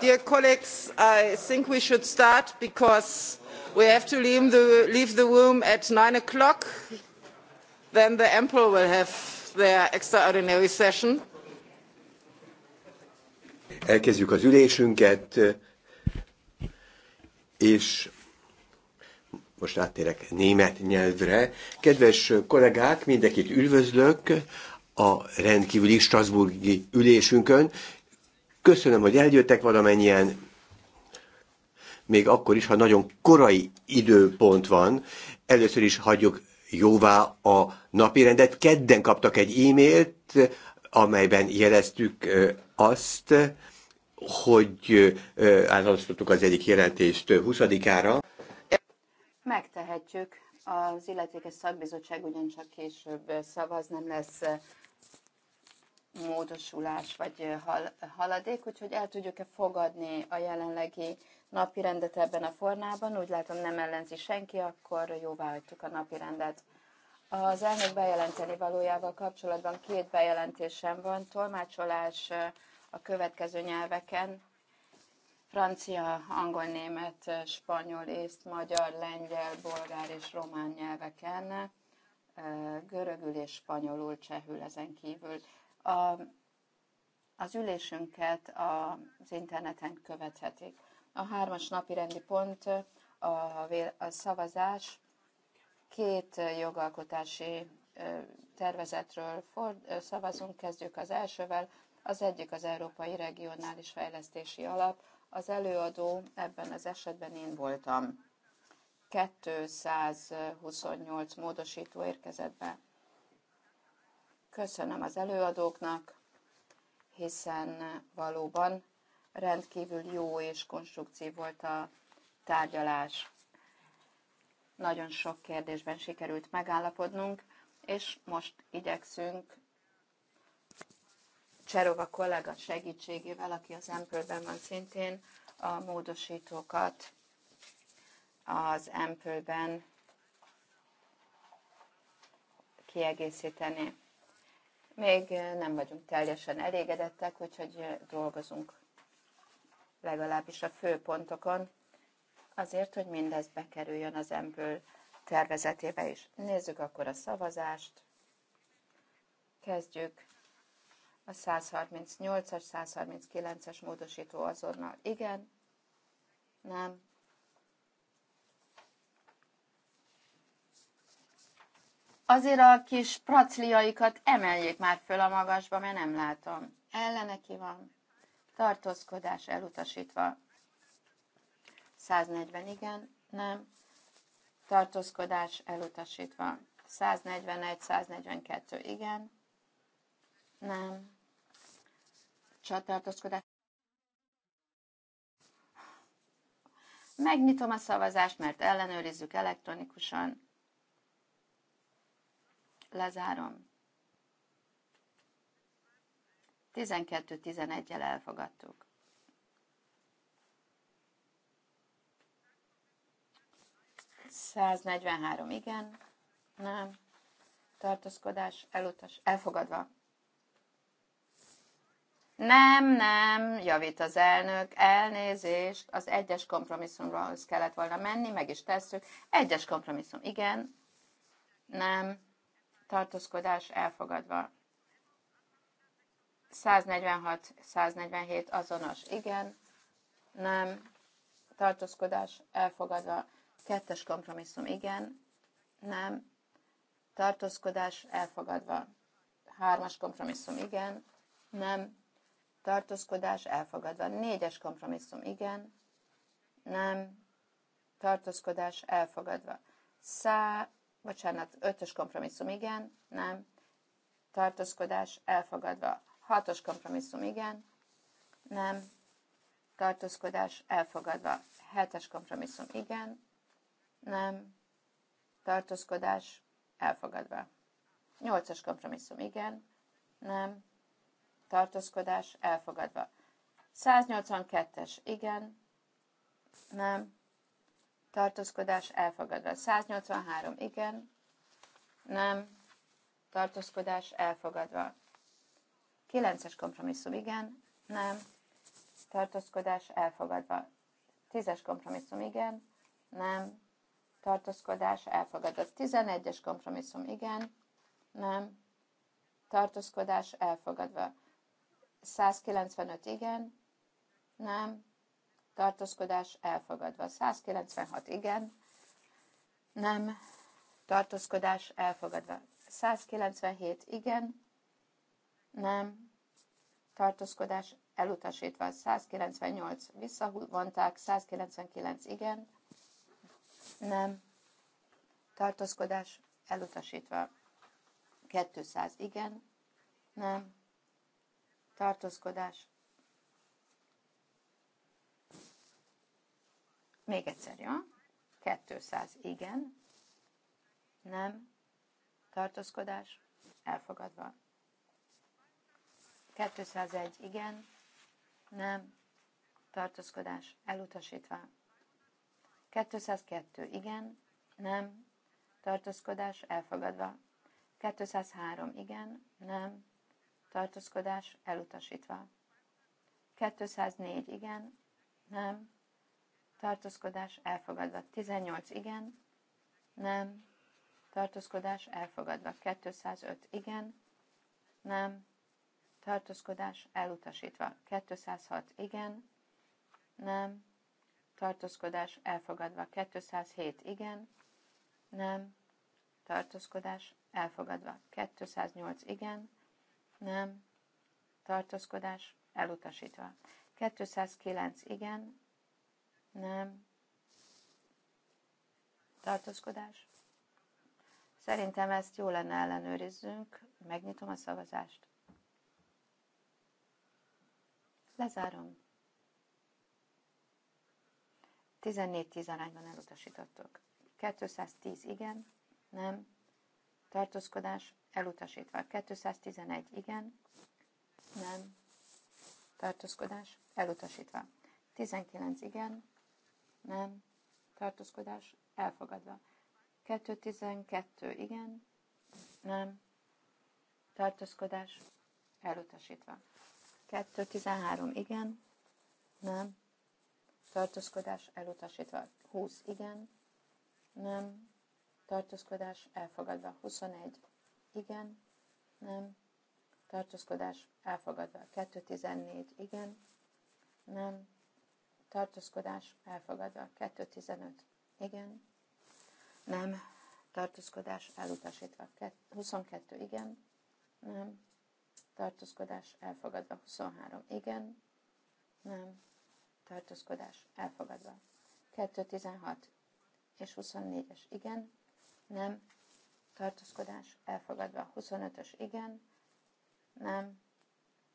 dear colleagues i think we should start because we have to leave the, leave the room at nine o'clock then the empl will have their extraordinary session. elkezdjük az ülésünket és most áttérek német nyelvre. Kedves kollégák, mindenkit üdvözlök a rendkívüli Strasburgi ülésünkön, Köszönöm, hogy eljöttek valamennyien, még akkor is, ha nagyon korai időpont van. Először is hagyjuk jóvá a napirendet. Kedden kaptak egy e-mailt, amelyben jeleztük azt, hogy állandosítottuk az egyik jelentést 20-ára. Megtehetjük. Az illetékes szakbizottság ugyancsak később szavaz, nem lesz módosulás vagy hal, haladék, úgyhogy el tudjuk-e fogadni a jelenlegi napi rendet ebben a formában. Úgy látom, nem ellenzi senki, akkor jóvá hagytuk a napi rendet. Az elnök bejelenteni valójával kapcsolatban két bejelentésem van. Tolmácsolás a következő nyelveken. Francia, angol, német, spanyol, észt, magyar, lengyel, bolgár és román nyelveken. Görögül és spanyolul, csehül ezen kívül a, az ülésünket az interneten követhetik. A hármas napi rendi pont a, a szavazás két jogalkotási tervezetről ford, szavazunk, kezdjük az elsővel. Az egyik az Európai Regionális Fejlesztési Alap, az előadó ebben az esetben én voltam. 228 módosító érkezett be. Köszönöm az előadóknak, hiszen valóban rendkívül jó és konstrukció volt a tárgyalás. Nagyon sok kérdésben sikerült megállapodnunk, és most igyekszünk Cserova kollega segítségével, aki az Empölben van szintén, a módosítókat az Empölben kiegészíteni. Még nem vagyunk teljesen elégedettek, úgyhogy dolgozunk legalábbis a főpontokon, azért, hogy mindez bekerüljön az emből tervezetébe is. Nézzük akkor a szavazást. Kezdjük a 138-as, 139-es módosító azonnal. Igen, nem, azért a kis pracliaikat emeljék már föl a magasba, mert nem látom. Ellene ki van. Tartózkodás elutasítva. 140 igen, nem. Tartózkodás elutasítva. 141-142 igen, nem. Csatartózkodás. Megnyitom a szavazást, mert ellenőrizzük elektronikusan lezárom. 12-11-el elfogadtuk. Száznegyvenhárom igen, nem, tartózkodás elutas, elfogadva. Nem, nem, javít az elnök, elnézést, az egyes kompromisszumhoz kellett volna menni, meg is tesszük. Egyes kompromisszum, igen, nem, tartózkodás elfogadva. 146-147 azonos, igen, nem, tartózkodás elfogadva. Kettes kompromisszum, igen, nem, tartózkodás elfogadva. Hármas kompromisszum, igen, nem, tartózkodás elfogadva. Négyes kompromisszum, igen, nem, tartózkodás elfogadva. Szá bocsánat, ötös kompromisszum igen, nem, tartózkodás elfogadva. Hatos kompromisszum igen, nem, tartózkodás elfogadva. Hetes kompromisszum igen, nem, tartózkodás elfogadva. Nyolcas kompromisszum igen, nem, tartózkodás elfogadva. 182-es igen, nem, tartózkodás elfogadva. 183 igen, nem, tartózkodás elfogadva. 9-es kompromisszum igen, nem, tartózkodás elfogadva. 10-es kompromisszum igen, nem, tartózkodás elfogadva. 11-es kompromisszum igen, nem, tartózkodás elfogadva. 195 igen, nem, tartózkodás elfogadva. 196 igen, nem, tartózkodás elfogadva. 197 igen, nem, tartózkodás elutasítva. 198 visszavonták, 199 igen, nem, tartózkodás elutasítva. 200 igen, nem, tartózkodás Még egyszer, jó? 200 igen, nem, tartózkodás, elfogadva. 201 igen, nem, tartózkodás, elutasítva. 202 igen, nem, tartózkodás, elfogadva. 203 igen, nem, tartózkodás, elutasítva. 204 igen, nem, tartózkodás elfogadva. 18 igen, nem, tartózkodás elfogadva. 205 igen, nem, tartózkodás elutasítva. 206 igen, nem, tartózkodás elfogadva. 207 igen, nem, tartózkodás elfogadva. 208 igen, nem, tartózkodás elutasítva. 209 igen, nem. Tartózkodás? Szerintem ezt jó lenne ellenőrizzünk. Megnyitom a szavazást. Lezárom. 14-10 arányban elutasítottok. 210 igen, nem, tartózkodás elutasítva. 211 igen, nem, tartózkodás elutasítva. 19 igen, nem, tartózkodás elfogadva. 212, igen, nem, tartózkodás elutasítva. 213, igen, nem, tartózkodás elutasítva. 20, igen, nem, tartózkodás elfogadva. 21, igen, nem, tartózkodás elfogadva. 214, igen, nem, tartózkodás elfogadva. 2.15. Igen. Nem. Tartózkodás elutasítva. 22. Igen. Nem. Tartózkodás elfogadva. 23. Igen. Nem. Tartózkodás elfogadva. 2.16 és 24-es igen. Nem. Tartózkodás elfogadva. 25-ös igen. Nem.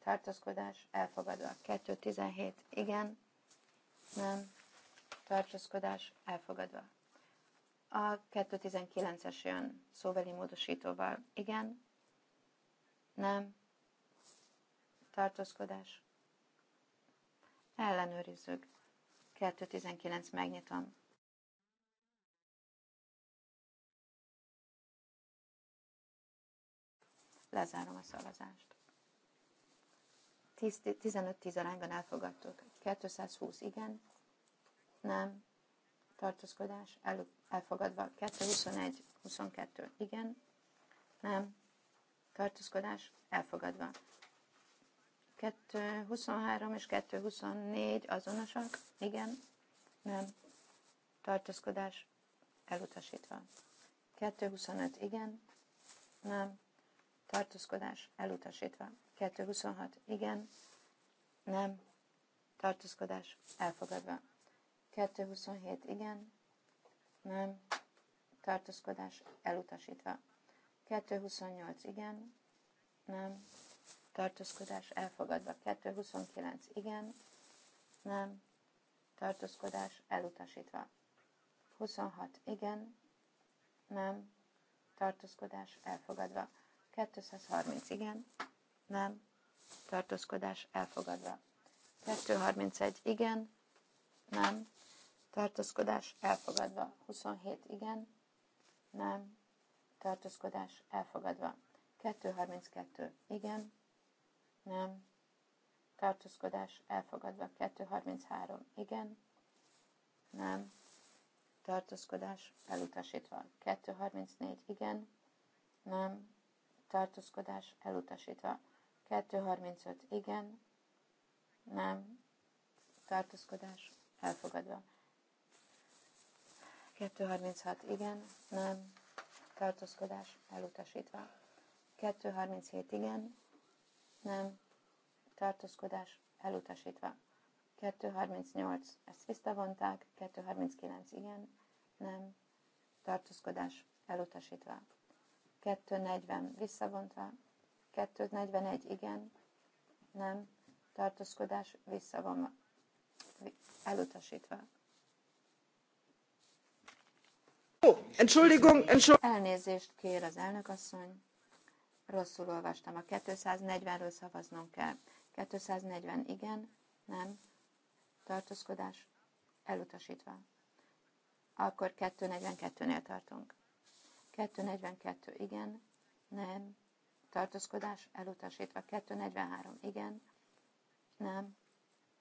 Tartózkodás elfogadva. 2.17 igen nem, tartózkodás elfogadva. A 219-es jön szóbeli módosítóval. Igen, nem, tartózkodás. Ellenőrizzük. 219 megnyitom. Lezárom a szavazást. 15-10 arányban elfogadtuk. 220 igen, nem, tartózkodás, el, elfogadva. 221, 22 igen, nem, tartózkodás, elfogadva. 223 és 224 azonosak, igen, nem, tartózkodás, elutasítva. 225 igen, nem, tartózkodás, elutasítva. 226. Igen. Nem. Tartózkodás. Elfogadva. 227. Igen. Nem. Tartózkodás. Elutasítva. 228. Igen. Nem. Tartózkodás. Elfogadva. 229. Igen. Nem. Tartózkodás. Elutasítva. 26. Igen. Nem. Tartózkodás. Elfogadva. 230. Igen nem, tartózkodás elfogadva. 231 igen, nem, tartózkodás elfogadva. 27 igen, nem, tartózkodás elfogadva. 232 igen, nem, tartózkodás elfogadva. 233 igen, nem, tartózkodás elutasítva. 234 igen, nem, tartózkodás elutasítva. 235 igen, nem, tartózkodás, elfogadva. 236 igen, nem, tartózkodás, elutasítva. 237 igen, nem, tartózkodás, elutasítva. 238, ezt visszavonták, 239 igen, nem, tartózkodás, elutasítva. 240 visszavonta, 241 igen, nem, tartózkodás vissza van elutasítva. Oh, Entschuldigung, Entschuldigung. Elnézést kér az elnökasszony. Rosszul olvastam. A 240-ről szavaznom kell. 240 igen, nem, tartózkodás elutasítva. Akkor 242-nél tartunk. 242 igen, nem, tartózkodás elutasítva 243 igen, nem,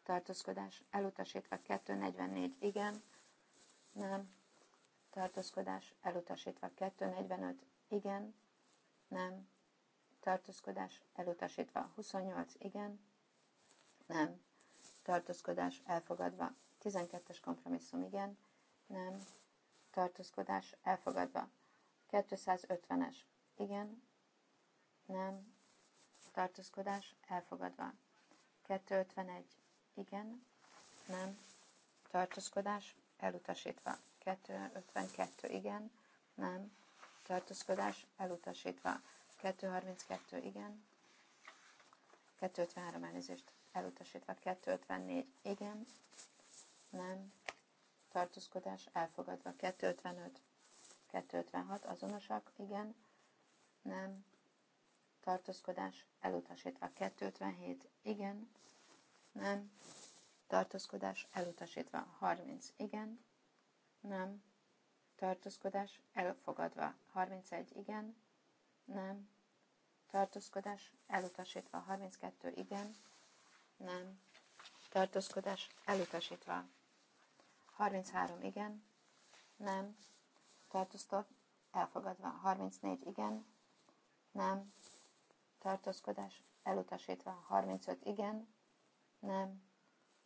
tartózkodás elutasítva 244 igen, nem, tartózkodás elutasítva 245 igen, nem, tartózkodás elutasítva 28 igen, nem, tartózkodás elfogadva 12-es kompromisszum igen, nem, tartózkodás elfogadva 250-es igen, nem, tartózkodás elfogadva. 251 igen, nem, tartózkodás elutasítva. 252 igen, nem, tartózkodás elutasítva. 232 igen, 253 elnézést elutasítva. 254 igen, nem, tartózkodás elfogadva. 255, 256 azonosak, igen, nem, tartózkodás, elutasítva. 257, igen, nem, tartózkodás, elutasítva. 30, igen, nem, tartózkodás, elfogadva. 31, igen, nem, tartózkodás, elutasítva. 32, igen, nem, tartózkodás, elutasítva. 33, igen, nem, tartózkodás, elfogadva. 34, igen, nem, tartózkodás, elutasítva 35 igen, nem,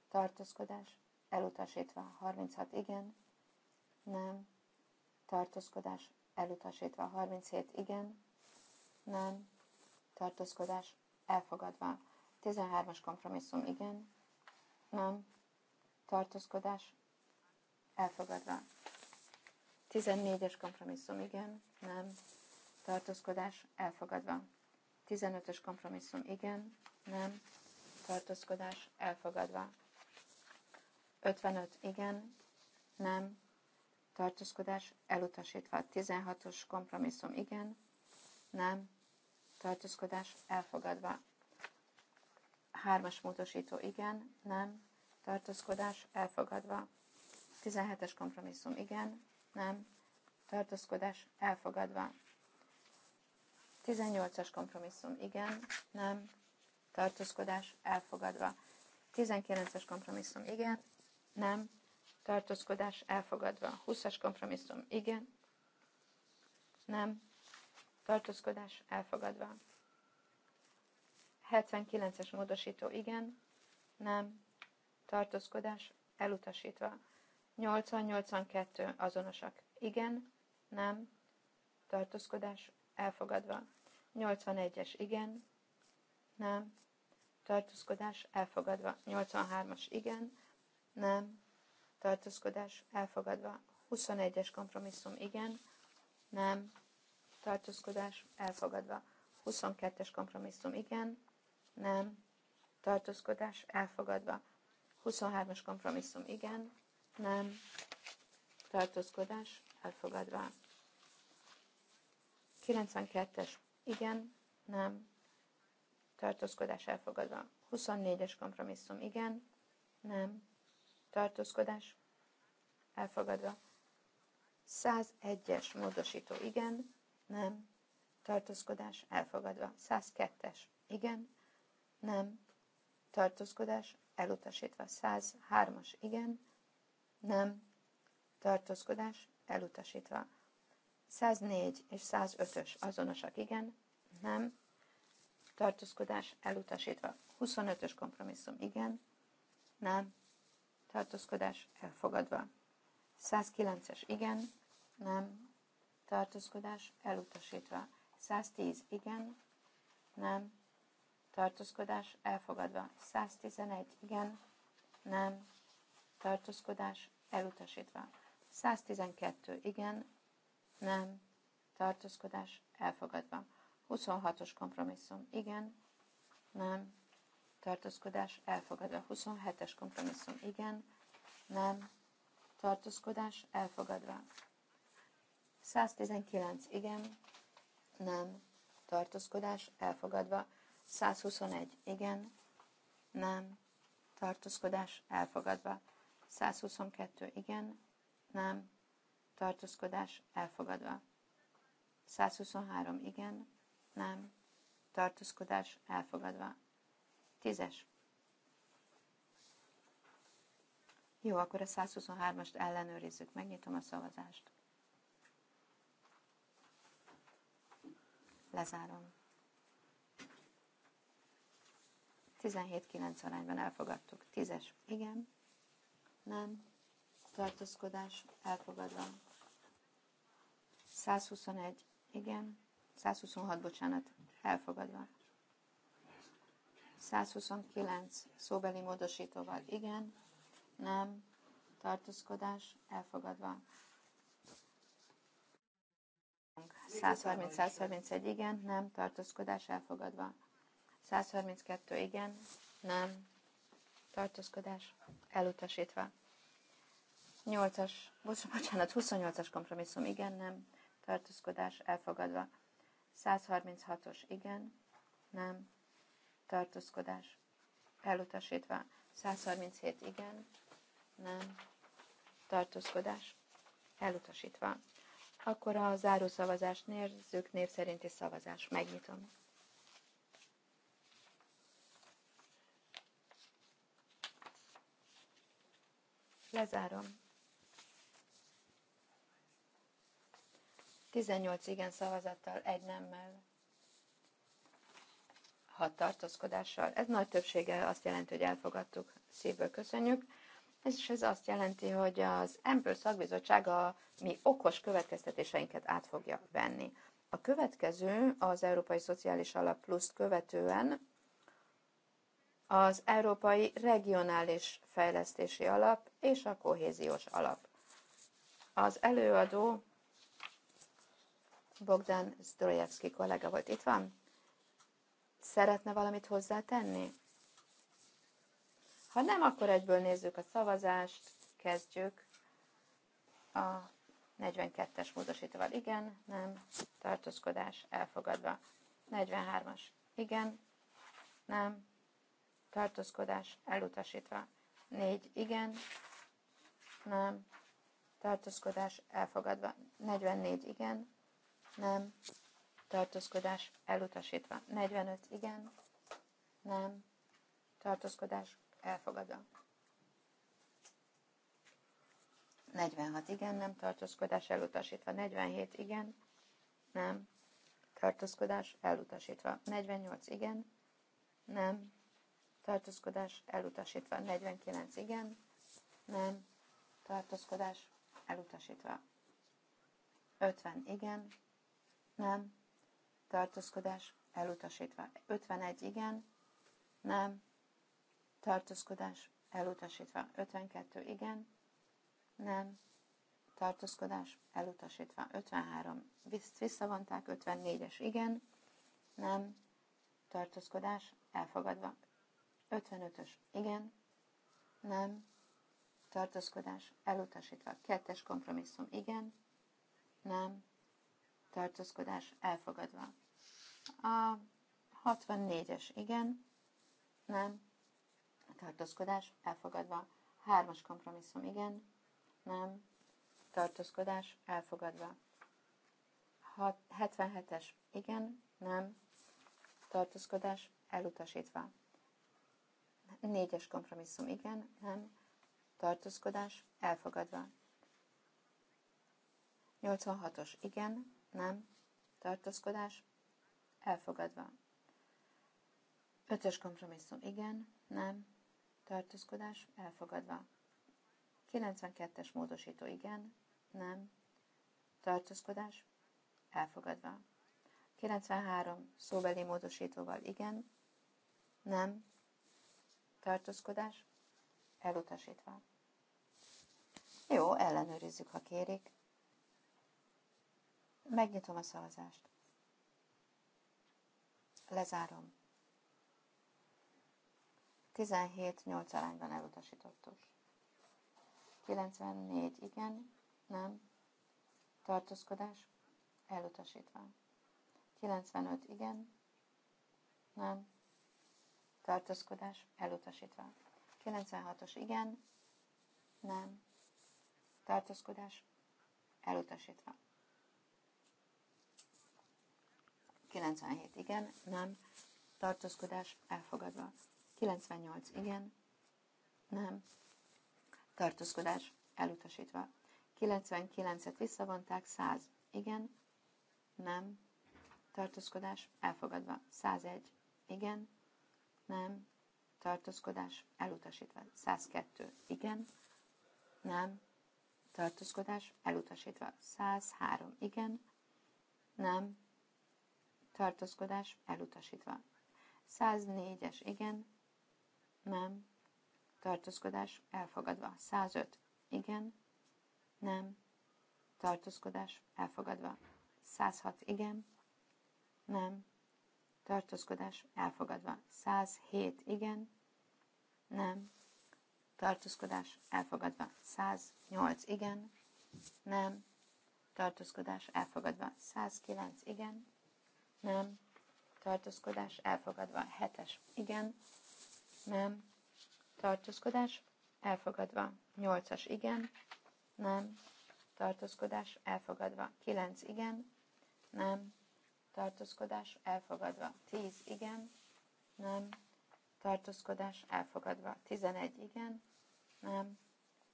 tartózkodás, elutasítva 36 igen, nem, tartózkodás, elutasítva 37 igen, nem, tartózkodás, elfogadva 13-as kompromisszum igen, nem, tartózkodás, elfogadva 14-es kompromisszum igen, nem, tartózkodás, elfogadva 15-ös kompromisszum igen, nem, tartózkodás elfogadva. 55 igen, nem, tartózkodás elutasítva. 16-os kompromisszum igen, nem, tartózkodás elfogadva. 3-as módosító igen, nem, tartózkodás elfogadva. 17-es kompromisszum igen, nem, tartózkodás elfogadva. 18-as kompromisszum, igen, nem, tartózkodás, elfogadva. 19-es kompromisszum, igen, nem, tartózkodás, elfogadva. 20-as kompromisszum, igen, nem, tartózkodás, elfogadva. 79-es módosító, igen, nem, tartózkodás, elutasítva. 80-82 azonosak, igen, nem, tartózkodás, elfogadva. 81-es igen, nem, tartózkodás elfogadva. 83-as igen, nem, tartózkodás elfogadva. 21-es kompromisszum igen, nem, tartózkodás elfogadva. 22-es kompromisszum igen, nem, tartózkodás elfogadva. 23-as kompromisszum igen, nem, tartózkodás elfogadva. 92-es igen, nem, tartózkodás elfogadva. 24-es kompromisszum igen, nem, tartózkodás elfogadva. 101-es módosító igen, nem, tartózkodás elfogadva. 102-es igen, nem, tartózkodás elutasítva. 103-as igen, nem, tartózkodás elutasítva. 104 és 105-ös azonosak, igen, nem, tartózkodás elutasítva. 25-ös kompromisszum, igen, nem, tartózkodás elfogadva. 109-es, igen, nem, tartózkodás elutasítva. 110, igen, nem, tartózkodás elfogadva. 111, igen, nem, tartózkodás elutasítva. 112, igen, nem, tartózkodás elfogadva. 26-os kompromisszum, igen, nem, tartózkodás elfogadva. 27-es kompromisszum, igen, nem, tartózkodás elfogadva. 119, igen, nem, tartózkodás elfogadva. 121, igen, nem, tartózkodás elfogadva. 122, igen, nem, tartózkodás elfogadva. 123 igen, nem, tartózkodás elfogadva. 10 Jó, akkor a 123-ast ellenőrizzük. Megnyitom a szavazást. Lezárom. 17-9 arányban elfogadtuk. 10-es. Igen. Nem tartózkodás elfogadva. 121, igen. 126, bocsánat, elfogadva. 129 szóbeli módosítóval igen, nem, tartózkodás elfogadva. 130-131 igen, nem, tartózkodás elfogadva. 132 igen, nem, tartózkodás elutasítva. 28 as bocsánat, 28-as kompromisszum, igen, nem, tartózkodás elfogadva. 136-os, igen, nem, tartózkodás elutasítva. 137, igen, nem, tartózkodás elutasítva. Akkor a záró szavazást nézzük, név szerinti szavazás. Megnyitom. Lezárom. 18 igen szavazattal, egy nemmel, hat tartózkodással. Ez nagy többséggel azt jelenti, hogy elfogadtuk, szívből köszönjük. Ez is ez azt jelenti, hogy az Empől szakbizottság a mi okos következtetéseinket át fogja venni. A következő az Európai Szociális Alap plusz követően az Európai Regionális Fejlesztési Alap és a Kohéziós Alap. Az előadó Bogdan Zdrojevski kollega volt. Itt van? Szeretne valamit hozzátenni? Ha nem, akkor egyből nézzük a szavazást, kezdjük. A 42-es módosítóval igen, nem, tartózkodás elfogadva. 43-as igen, nem, tartózkodás elutasítva. 4 igen, nem, tartózkodás elfogadva. 44 igen, nem, tartózkodás elutasítva. 45 igen, nem, tartózkodás elfogadva. 46 igen, nem, tartózkodás elutasítva. 47 igen, nem, tartózkodás elutasítva. 48 igen, nem, tartózkodás elutasítva. 49 igen, nem, tartózkodás elutasítva. 50 igen, nem, tartózkodás elutasítva. 51 igen, nem, tartózkodás elutasítva. 52 igen, nem, tartózkodás elutasítva. 53 visszavonták, 54-es igen, nem, tartózkodás elfogadva. 55-ös igen, nem, tartózkodás elutasítva. Kettes kompromisszum igen, nem, tartózkodás elfogadva. A 64-es igen, nem, tartózkodás elfogadva. Hármas kompromisszum igen, nem, tartózkodás elfogadva. 77-es igen, nem, tartózkodás elutasítva. Négyes kompromisszum igen, nem, tartózkodás elfogadva. 86-os igen, nem. Tartózkodás. Elfogadva. Ötös kompromisszum. Igen. Nem. Tartózkodás. Elfogadva. 92-es módosító. Igen. Nem. Tartózkodás. Elfogadva. 93 szóbeli módosítóval. Igen. Nem. Tartózkodás. Elutasítva. Jó, ellenőrizzük, ha kérik. Megnyitom a szavazást. Lezárom. 17-8 arányban elutasítottuk. 94 igen, nem, tartózkodás, elutasítva. 95 igen, nem, tartózkodás, elutasítva. 96-os igen, nem, tartózkodás, elutasítva. 97. Igen, nem. Tartózkodás elfogadva. 98. Igen, nem. Tartózkodás elutasítva. 99-et visszavonták, 100. Igen, nem. Tartózkodás elfogadva. 101. Igen, nem. Tartózkodás elutasítva. 102. Igen, nem. Tartózkodás elutasítva. 103. Igen, nem tartózkodás elutasítva. 104-es igen, nem, tartózkodás elfogadva. 105 igen, nem, tartózkodás elfogadva. 106 igen, nem, tartózkodás elfogadva. 107 igen, nem, tartózkodás elfogadva. 108 igen, nem, tartózkodás elfogadva. 109 igen, nem, tartózkodás elfogadva. Hetes, igen, nem, tartózkodás elfogadva. Nyolcas, igen, nem, tartózkodás elfogadva. Kilenc, igen, nem, tartózkodás elfogadva. Tíz, igen, nem, tartózkodás elfogadva. Tizenegy, igen, nem,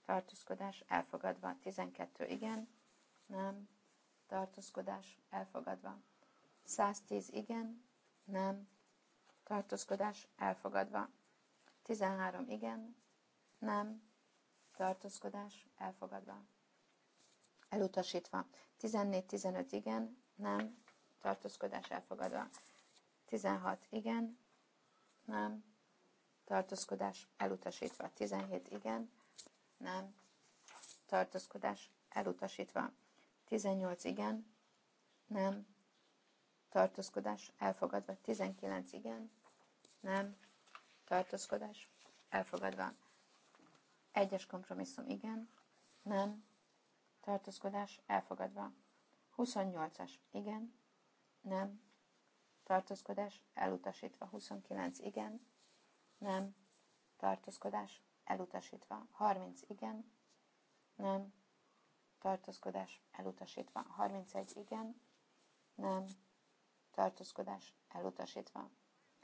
tartózkodás elfogadva. Tizenkettő, igen, nem, tartózkodás elfogadva. 110 igen, nem, tartózkodás elfogadva. 13 igen, nem, tartózkodás elfogadva. Elutasítva. 14-15 igen, nem, tartózkodás elfogadva. 16 igen, nem, tartózkodás elutasítva. 17 igen, nem, tartózkodás elutasítva. 18 igen, nem, tartózkodás elfogadva, 19 igen, nem, tartózkodás elfogadva, egyes kompromisszum igen, nem, tartózkodás elfogadva, 28-as igen, nem, tartózkodás elutasítva, 29 igen, nem, tartózkodás elutasítva, 30 igen, nem, tartózkodás elutasítva, 31 igen, nem, tartózkodás elutasítva.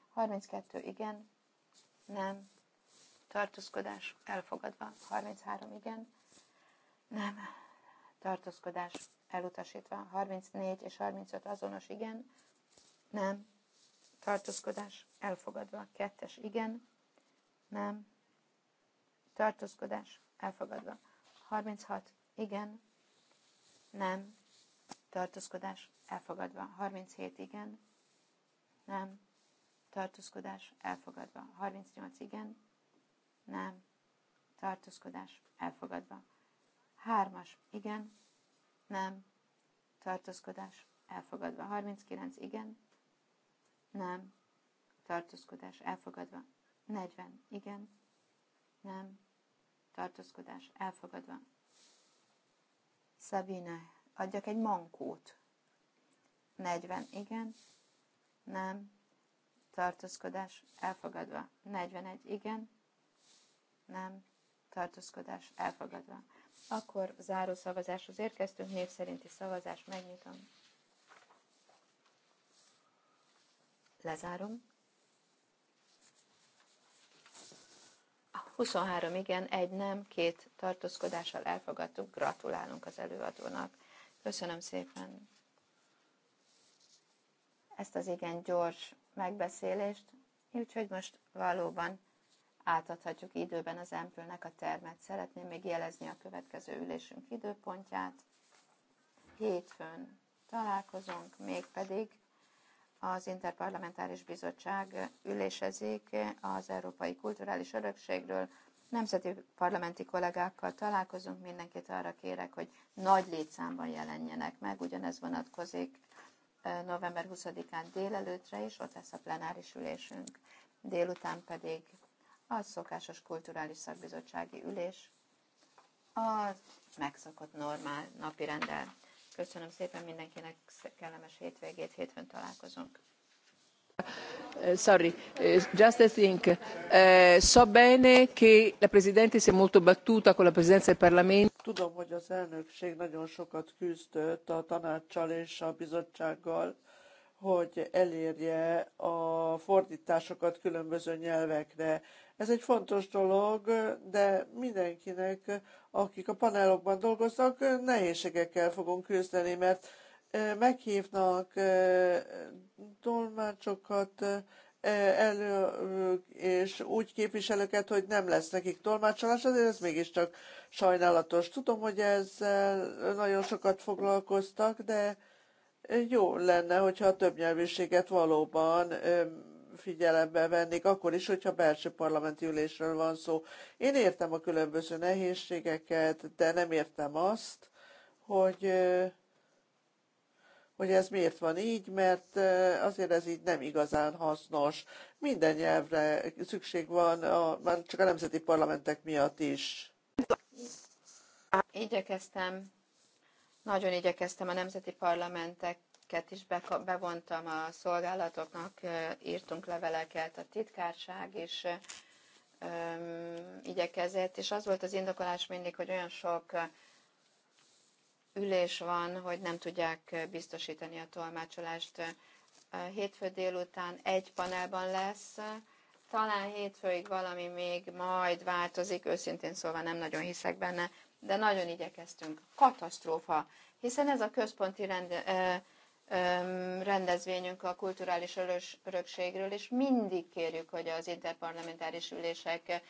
32 igen, nem, tartózkodás elfogadva. 33 igen, nem, tartózkodás elutasítva. 34 és 35 azonos igen, nem, tartózkodás elfogadva. Kettes igen, nem, tartózkodás elfogadva. 36 igen, nem, tartózkodás elfogadva. 37 igen, nem, tartózkodás, elfogadva. 38 igen, nem, tartózkodás, elfogadva. 3-as igen, nem, tartózkodás, elfogadva. 39 igen, nem, tartózkodás, elfogadva. 40 igen, nem, tartózkodás, elfogadva. Szabine, adjak egy mankót. 40, igen, nem, tartózkodás, elfogadva. 41, igen, nem, tartózkodás, elfogadva. Akkor záró szavazáshoz érkeztünk, név szerinti szavazás, megnyitom. Lezárom. 23 igen, egy nem, két tartózkodással elfogadtuk. Gratulálunk az előadónak. Köszönöm szépen! ezt az igen gyors megbeszélést, úgyhogy most valóban átadhatjuk időben az empülnek a termet. Szeretném még jelezni a következő ülésünk időpontját. Hétfőn találkozunk, mégpedig az Interparlamentáris Bizottság ülésezik az Európai Kulturális Örökségről. Nemzeti parlamenti kollégákkal találkozunk, mindenkit arra kérek, hogy nagy létszámban jelenjenek meg, ugyanez vonatkozik november 20-án délelőtre, és ott lesz a plenáris ülésünk. Délután pedig a szokásos kulturális szakbizottsági ülés a megszokott normál napi rendel. Köszönöm szépen mindenkinek, kellemes hétvégét, hétfőn találkozunk. Uh, sorry, uh, just a thing. Uh, so bene che la Presidente si è molto battuta con la Presidenza del Parlamento. Tudom, hogy az elnökség nagyon sokat küzdött a tanácssal és a bizottsággal, hogy elérje a fordításokat különböző nyelvekre. Ez egy fontos dolog, de mindenkinek, akik a panelokban dolgoznak, nehézségekkel fogunk küzdeni, mert eh, meghívnak eh, tolmácsokat, elő, és úgy képviselőket, hogy nem lesz nekik tolmácsolás, azért ez mégiscsak sajnálatos. Tudom, hogy ezzel nagyon sokat foglalkoztak, de jó lenne, hogyha a nyelvűséget valóban figyelembe vennék, akkor is, hogyha belső parlamenti ülésről van szó. Én értem a különböző nehézségeket, de nem értem azt, hogy hogy ez miért van így, mert azért ez így nem igazán hasznos. Minden nyelvre szükség van, a, már csak a nemzeti parlamentek miatt is. Igyekeztem, nagyon igyekeztem a nemzeti parlamenteket is bevontam a szolgálatoknak, írtunk leveleket, a titkárság is igyekezett, és az volt az indokolás mindig, hogy olyan sok ülés van, hogy nem tudják biztosítani a tolmácsolást. Hétfő délután egy panelban lesz, talán hétfőig valami még majd változik, őszintén szólva nem nagyon hiszek benne, de nagyon igyekeztünk. Katasztrófa, hiszen ez a központi rend, ö, ö, rendezvényünk a kulturális örökségről, és mindig kérjük, hogy az interparlamentáris ülések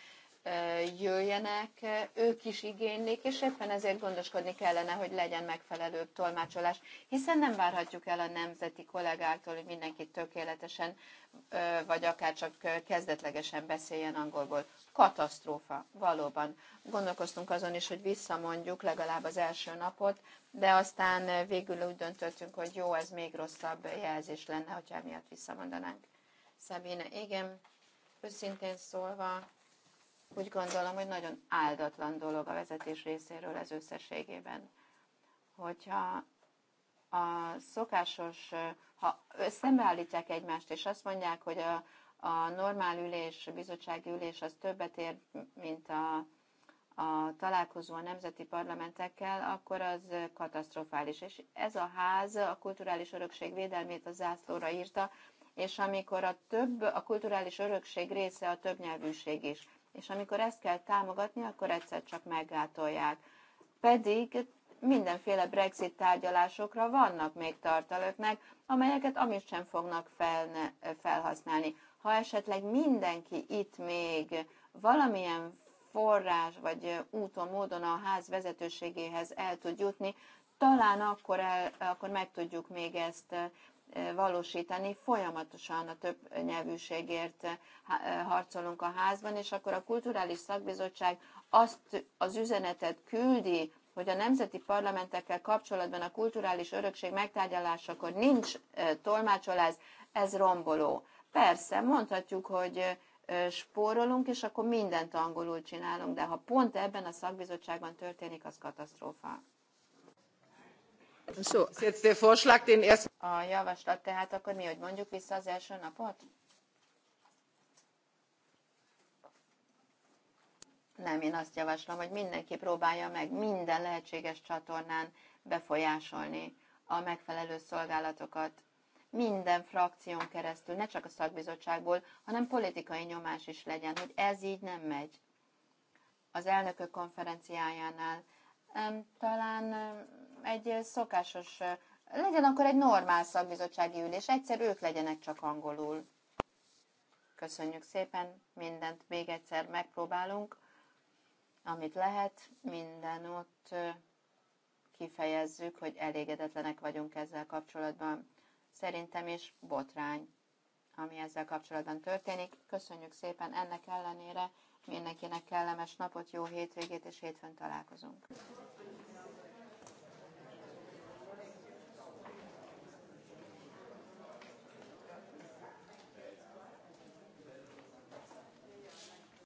jöjjenek, ők is igénylik, és éppen ezért gondoskodni kellene, hogy legyen megfelelő tolmácsolás, hiszen nem várhatjuk el a nemzeti kollégáktól, hogy mindenki tökéletesen, vagy akár csak kezdetlegesen beszéljen angolból. Katasztrófa, valóban. Gondolkoztunk azon is, hogy visszamondjuk legalább az első napot, de aztán végül úgy döntöttünk, hogy jó, ez még rosszabb jelzés lenne, ha emiatt visszamondanánk. Szabine, igen, őszintén szólva, úgy gondolom, hogy nagyon áldatlan dolog a vezetés részéről ez összességében. Hogyha a szokásos, ha szembeállítják egymást, és azt mondják, hogy a, a normál ülés, a bizottsági ülés az többet ér, mint a, a találkozó a nemzeti parlamentekkel, akkor az katasztrofális. És ez a ház a kulturális örökség védelmét a zászlóra írta, és amikor a több, a kulturális örökség része a többnyelvűség is és amikor ezt kell támogatni, akkor egyszer csak meggátolják. Pedig mindenféle Brexit tárgyalásokra vannak még tartalöknek, amelyeket amit sem fognak fel, felhasználni. Ha esetleg mindenki itt még valamilyen forrás vagy úton, módon a ház vezetőségéhez el tud jutni, talán akkor, el, akkor meg tudjuk még ezt valósítani. Folyamatosan a több nyelvűségért harcolunk a házban, és akkor a Kulturális Szakbizottság azt az üzenetet küldi, hogy a nemzeti parlamentekkel kapcsolatban a kulturális örökség megtárgyalásakor nincs tolmácsolás, ez romboló. Persze, mondhatjuk, hogy spórolunk, és akkor mindent angolul csinálunk, de ha pont ebben a szakbizottságban történik, az katasztrófa. So, jetzt der Vorschlag, den erst... A javaslat tehát akkor mi, hogy mondjuk vissza az első napot? Nem, én azt javaslom, hogy mindenki próbálja meg minden lehetséges csatornán befolyásolni a megfelelő szolgálatokat. Minden frakción keresztül, ne csak a szakbizottságból, hanem politikai nyomás is legyen, hogy ez így nem megy. Az elnökök konferenciájánál talán egy szokásos, legyen akkor egy normál szakbizottsági ülés, egyszer ők legyenek csak angolul. Köszönjük szépen, mindent még egyszer megpróbálunk, amit lehet, minden ott kifejezzük, hogy elégedetlenek vagyunk ezzel kapcsolatban. Szerintem is botrány, ami ezzel kapcsolatban történik. Köszönjük szépen ennek ellenére, mindenkinek kellemes napot, jó hétvégét, és hétfőn találkozunk.